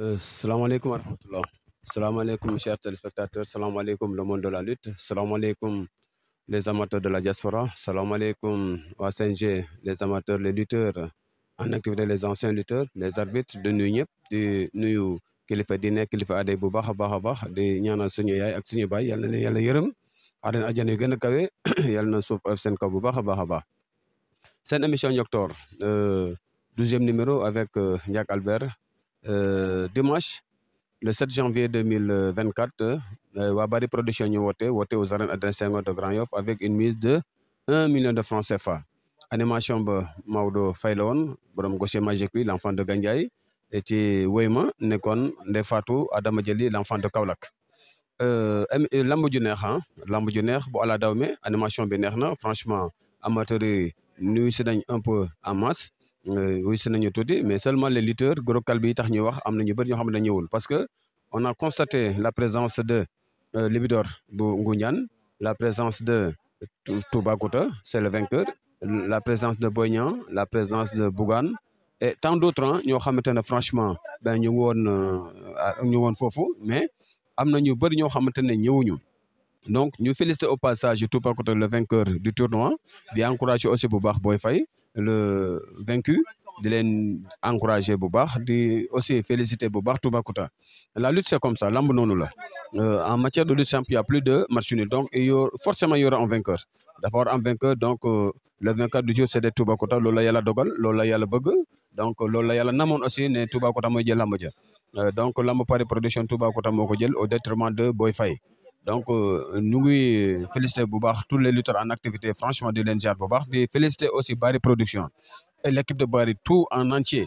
Euh, Salam alaikum wa Salam alaikum chers téléspectateurs alaikum le monde de la lutte Salam alaykum les amateurs de la diaspora Salam alaikum CNG les amateurs les lutteurs en activité les anciens lutteurs les arbitres de Niyep de Nuyou, nuyu les di dîner qui les bu baax a baax a baax di ñaanal suñu yaay ak suñu baay yal na leen yàlla kawe na suuf kaw bu euh, douzième numéro avec Jacques euh, Albert euh, dimanche le 7 janvier 2024 euh, Wabari Production ñu voté aux arènes de Grand Yoff avec une mise de 1 million de francs CFA animation ba Maudo Maudo magique l'enfant de Gangay, et Weyma Nekon, Nefato Adam Adama l'enfant de Kaulak. euh, est euh, ju ah, animation franchement amateur, nous sommes un peu en masse euh, oui, que nous tout dit, mais seulement les lutteurs gros groupes tax nous wax am ñu parce que on a constaté la présence de euh, Libidor bu la présence de toubakota c'est le vainqueur la présence de boyan la présence de Bougan, et tant d'autres nous hein, ñoo franchement ben ñu avons euh, mais nous na ñu bëri donc nous félicitons au passage toubakota le vainqueur du tournoi nous encourageons aussi bu baax Boy le vaincu de l'encourager encourager de aussi féliciter bu tout Toubacouta la lutte c'est comme ça lamb là la euh, en matière de lutte il y a plus de match donc il y aura forcément il y aura un vainqueur D'abord, un vainqueur donc euh, le vainqueur du jour c'est de Toubacouta loolu la dogal lola la yàlla donc loolu la yàlla aussi ne Toubacouta mooy jël lamb euh, donc lamb par production Toubacouta moo au détriment de Boy donc ñu euh, ngi félicité bu baax tous les lutteurs en activité franchement de leen Bobar bu baax aussi Bari production et de Bari tout en entier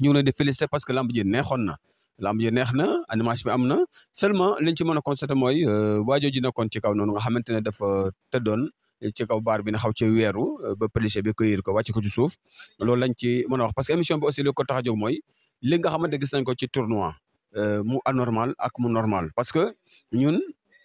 ñu ngi leen di parce que l'ambiance ji neexoon na lamb ji neex na animation bi am seulement liñ ci mën a constaté mooy que euh, ji nekkoon ci kaw noonu nga ne dafa tëddoon ci kaw bar bi na xaw ci wéru euh, ba policier bi ko yir ko wàcc ko ci souf loolu lañ ci mëna wax parce que émission bi aussi le ko tax a jóg li nga xamante gis nañ ko ci tournoi mu anormal ak mu normal parce que ñun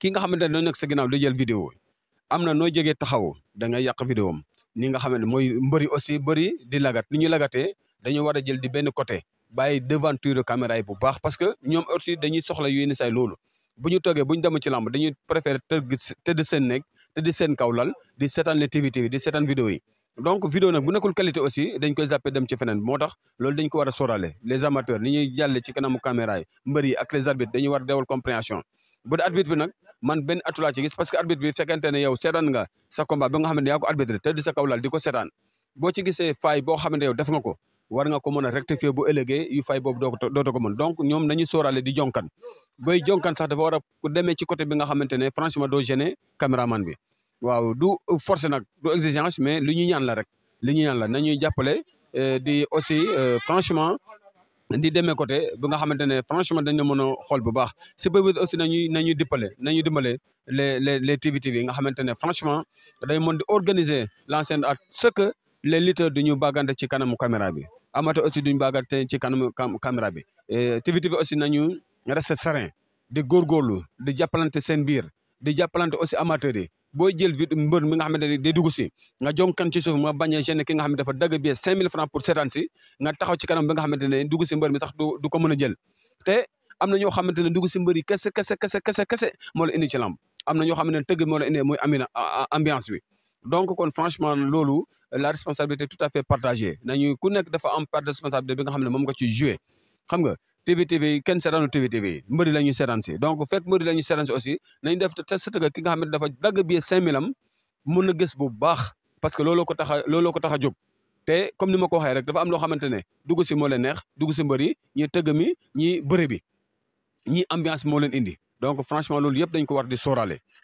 ki nga xamante ne doo nekk sa ginnaaw di jël vidéo am na noo jegee taxaw da ngay yàq vidéo am ni nga xamante mooy mbëri aussi bëri di lagat ni ñu lagatee dañoo war a jël di benn côté bàyyi devanture caméra yi bu baax parce que ñoom aussi dañuy soxla yenn say loolu bu ñu togee bu ñu dem ci lamb dañuy préféré tëgg tëdd seen te tëdd seen kaw lal di seetaan les TV TV di seetaan vidéo yi donc vidéo nag bu nekkul qualité aussi dañ koy zappé dem ci feneen moo tax loolu dañ ko war a sóoraale les amateurs ni ñuy jàlle ci kanamu caméra yi mbër yi ak les war a deewal compréhension bu dee arbitre bi nag man benn atu laa parce que arbitre bi fekkente ne yow seetaan nga sa combat nga xam ne yaa te di sa kaw laal di ko faay boo xam ne def nga ko war nga ko mën a rectifier faay boobu doo doota ko donc ñoom nañu sóoraale di jonkan bay jonkan sax dafa war a ku demee nga xamante ne franchement doo gêner caméraman bi waaw du force nag du exigence mais lu ñaan la rek li ñaan la nañuy jàppale euh, di aussi euh, di demee côté bi nga xamantene franchement dañu la xol bu baax ci boobu aussi nañu nañu dippalé nañu dimbalé les les les TVTV nga xamantene franchement day mën di organiser l'ancienne à ce que les lutteurs duñu bàggante ci kanam caméra bi amateur aussi duñu bàggante ci kanam caméra bi TVTV aussi nañu rester serein di góorgóorlu di jàppalante sen bir di jàppalante aussi amateur booy jël mbër mi nga xamanteni ne day dugg si nga jonkan ci suuf nga bañ a ki nga xam dafa dagg bi 5000 francs pour seetaan si nga taxaw ci kanam bi nga xamanteni ne dugg mi sax du ko mëna jël té amna ño xamanteni xamante ne dugg si mbër yi kess kese kese kese kese moo la indi ci lamb amna ño xamanteni teug mo la indi moy amina ambiance bi donc kon franchement lolu la responsabilité tout à fait partagée nañu ku nekk dafa am part de responsabilité bi nga xam mom moom nga ciy joué xam nga TV yi kenn seetaanu TV TV yi mbëri la ñuy seetaan si donc fekk mbëri la ñuy si aussi nañ def te sëtëga ki nga xam ne dafa dagg bi cinq mille am mën na gis bu baax parce que looloo ko tax a looloo ko tax a jóg te comme ni ma ko waxee rek dafa am loo xamante ne dugg si moo leen neex dugg si mbari yi ñi tëgg mi ñi bëre bi ñi ambiance moo leen indi donc franchement loolu yëpp dañ ko war di sóoraale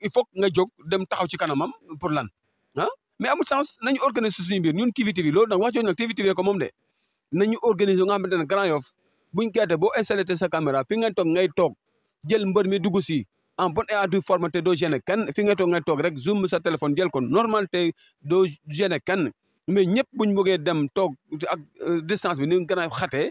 il faut nga jóg dem taxaw ci kanamam pour lan ah mais amul sens nañu organiser suñu biir ñun TVTV loolu nag wax jooju nag TVTV ko moom de nañu organiser nga xamante ne Grand Yoff buñ gerte boo installé sa caméra fi nga toog ngay toog jël mbër mi dugg si en bonne et due forme te doo gêner kenn fi nga toog ngay toog rek zoom sa téléphone jël ko normal te doo gêner kenn mais ñëpp buñ bëggee dem toog ak euh, distance bi ni Grand Yoff xatee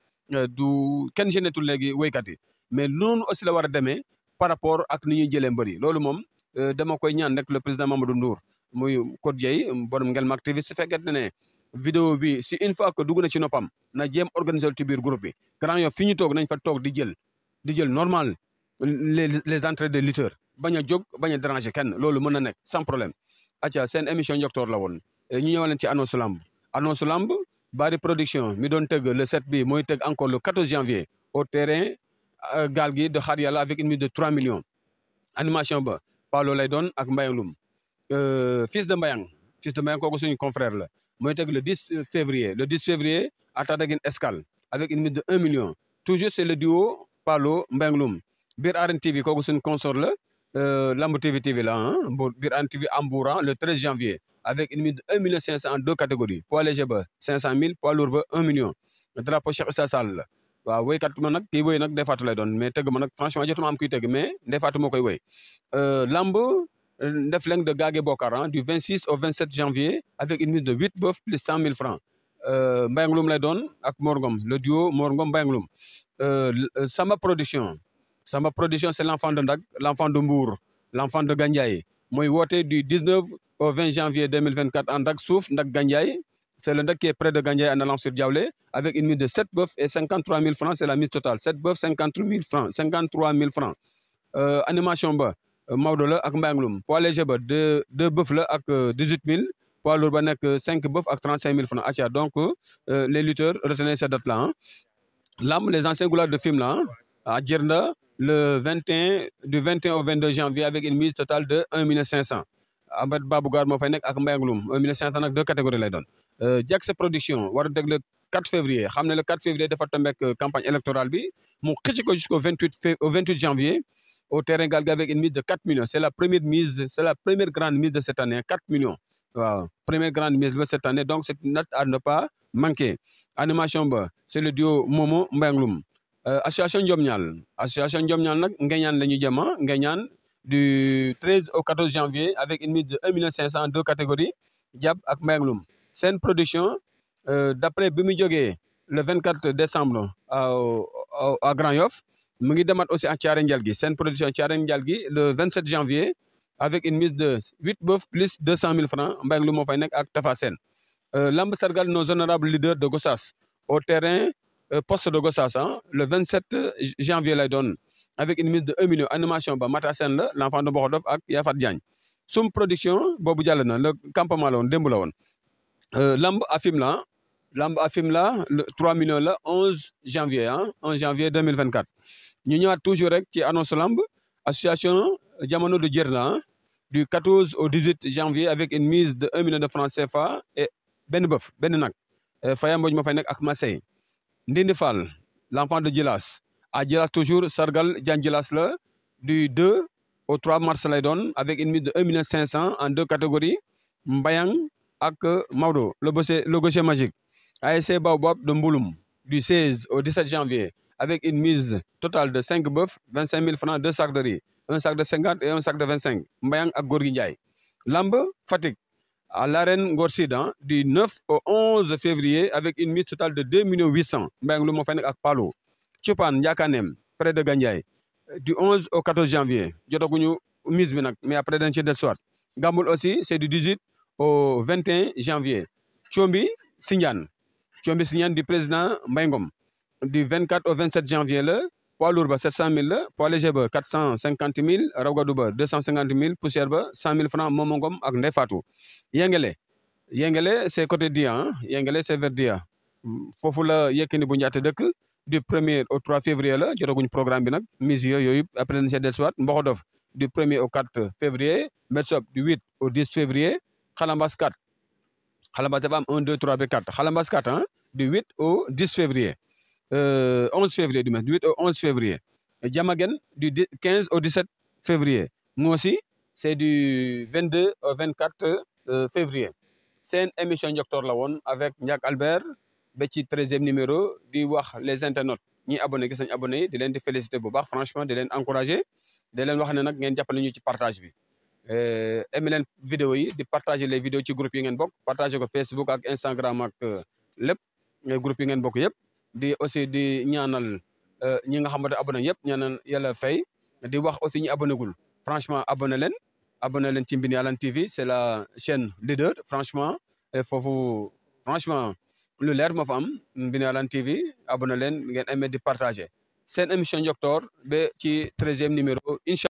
Euh, du ken génnetul léegi woykat mais noonu aussi la wara démé par rapport ak ni jëlé jëlee mbër mom euh, dama koy ñaan nak le président Mamadou Ndour muy Codé Dieye borom Ngelm ak TV su fekkente né vidéo bi si une fois que dugg ci nopam na jëm organiser ci biir groupe bi Grand Yoff fiñu tok nañ fa tok di jël di jël normal les les entrées des lutteurs baña jog baña déranger ken loolu mëna nek sans problème. acca sen émission Njoktoor la woon euh, ñu ñëwaleen ci annonce lamb annonce lamb Bari Production le 7 b encore le 14 janvier au terrain euh, Galgui de Hariala avec une mise de 3 millions animation ba Paolo lay et Mbayang Loum euh, fils de Mbayang fils de Mbayang c'est un confrère là. le 10 euh, février le 10 février à Escale avec une mise de 1 million toujours c'est le duo Paolo Mbayang Bir Bir TV c'est un consort là. Euh, Lambo TV TV là, hein, TV le 13 janvier avec une mise de 1 500 en deux catégories poids léger 500 000 poids lourd 1 million drapeau Cheikh ça. sale, oui. waaw woykat ma nag je suis nag Ndeye mais franchement, je ne franchement pas am kuy tëgg mais Ndeye Fatou euh, Lambo, le euh, woy lamb Ndefleng de Gagué hein, du 26 au 27 janvier avec une mise de 8 bœufs plus 100 000 francs Euh, Loum lay ak le duo morgom bengloum Sama Production Ma production c'est l'enfant de Ndak l'enfant de Mbour l'enfant de Gandiaye du 19 au 20 janvier 2024 en Ndak Souf Ndak Gandiaye c'est le qui est près de Gandiaye en allant sur Diaoulé avec une mise de 7 bœufs et 53 000 francs c'est la mise totale 7 bœufs 53 000 francs 53 000 francs euh, animation ba euh, Maodo ak deux deux bœufs ak 18 000 Pour lourd 5 euh, bœufs ak 35 000 francs donc euh, les lutteurs retenez cette date là hein. les anciens goulards de film là à hein. Djerna le 21, du 21 au 22 janvier avec une mise totale de 1 500. Ahmed Babougar moo fay 1 500 deux catégories lay Jax euh, production le 4 février le 4 février dafa faire euh, une campagne électorale bi jusqu'au 28 28 janvier au terrain galga, avec une mise de 4 millions C'est la première mise c'est la première grande mise de cette année 4 millions. première grande mise de cette année donc c'est une note à ne pas manquer animation c'est le duo Momo mbengloum association euh, Jomnyal. association Ndiomnial nag ah, du 13 au 14 janvier avec une mise de 1 500 en deux catégories Diab ak Mbenglum production euh, d'après après le 24 décembre à Grand Yoff mu ngi aussi à Thiaré Ndial production Thiaré Ndial le 27 janvier avec une mise de 8 bœufs plus 200 000 francs Mbenglum moo fay nekk ak euh, nos honorables leaders de Gossas au terrain. Euh, poste de hein. le 27 euh, janvier la donne avec une mise de 1 million animation ba l'enfant de Bordeaux et Yafat Diagne sum production boobu le campement de woon euh, lamb afim lamb le 3 millions le 11 janvier hein, janvier 2024 Nous avons toujours rek ci annonce lamb association jamono de Djerna hein, du 14 au 18 janvier avec une mise de 1 million de francs CFA et Benbeuf Benenak, benn nag fayam ma Ndinefal, l'enfant de Djilas. a Djilas toujours, Sargal Djangilas le, du 2 au 3 mars avec une mise de 1 500 en deux catégories Mbayang ak Mauro, le gaucher le magique ASC Baobab de Mbouloum du 16 au 17 janvier avec une mise totale de 5 bœufs 25 000 francs 2 sacs de riz un sac de 50 et un sac de 25 Mbayang et Lambe, lamb à l'arène Gorsidan, du 9 au 11 février avec une mise totale de 2 800 000 lu Yakanem, Palo près de Ganyay, du 11 au 14 janvier jotaguñu mise bi mise, mais après dañ de dellusiwaat Gamboul aussi c'est du 18 au 21 janvier Chombi Sinyane. Chombi Sinyane, du président Mbengom, du 24 au 27 janvier poids lourd c'est 700 000 poids léger 450 000 raw 250 000 poussière 100 000 francs Momongom, ak Fatou Yengele c'est côté Dia hein. Yengele c'est vers Dia Fofoula, la du 1er au 3 février il y programme bi programme, Mizio, Yoyup, après nañ see dellusiwaat du 1er au 4 février Metsop du 8 au 10 février Khalambas 4 Khalambas 4, 1 2 3 4 Kalambas 4 du 8 au 10 février euh, 11 février du 8 au 11 février. Et du 15 au 17 février. Moi aussi, c'est du 22 au 24 euh, février. C'est une émission Docteur Lawon avec Ndiak Albert, petit 13e numéro, du voir les internautes. Ni abonnés, qui sont abonnés, de les féliciter, franchement, de les encourager, de les voir que nous avons partage. Euh, aimé leen vidéo yi di partager les vidéos ci groupe yi ngeen partager ko Facebook ak Instagram ak euh, le groupe yi ngeen di aussi di ñaanal euh, ñi nga xamanté abonné yépp ñaanal yalla fay di wax aussi ñi gul franchement abonné len abonné vous ci mbini TV c'est la chaîne leader franchement vous franchement le leer ma fa am mbini Yalane TV abonné len ngeen aimé di partager seen émission Njoktoor be ci 13e numéro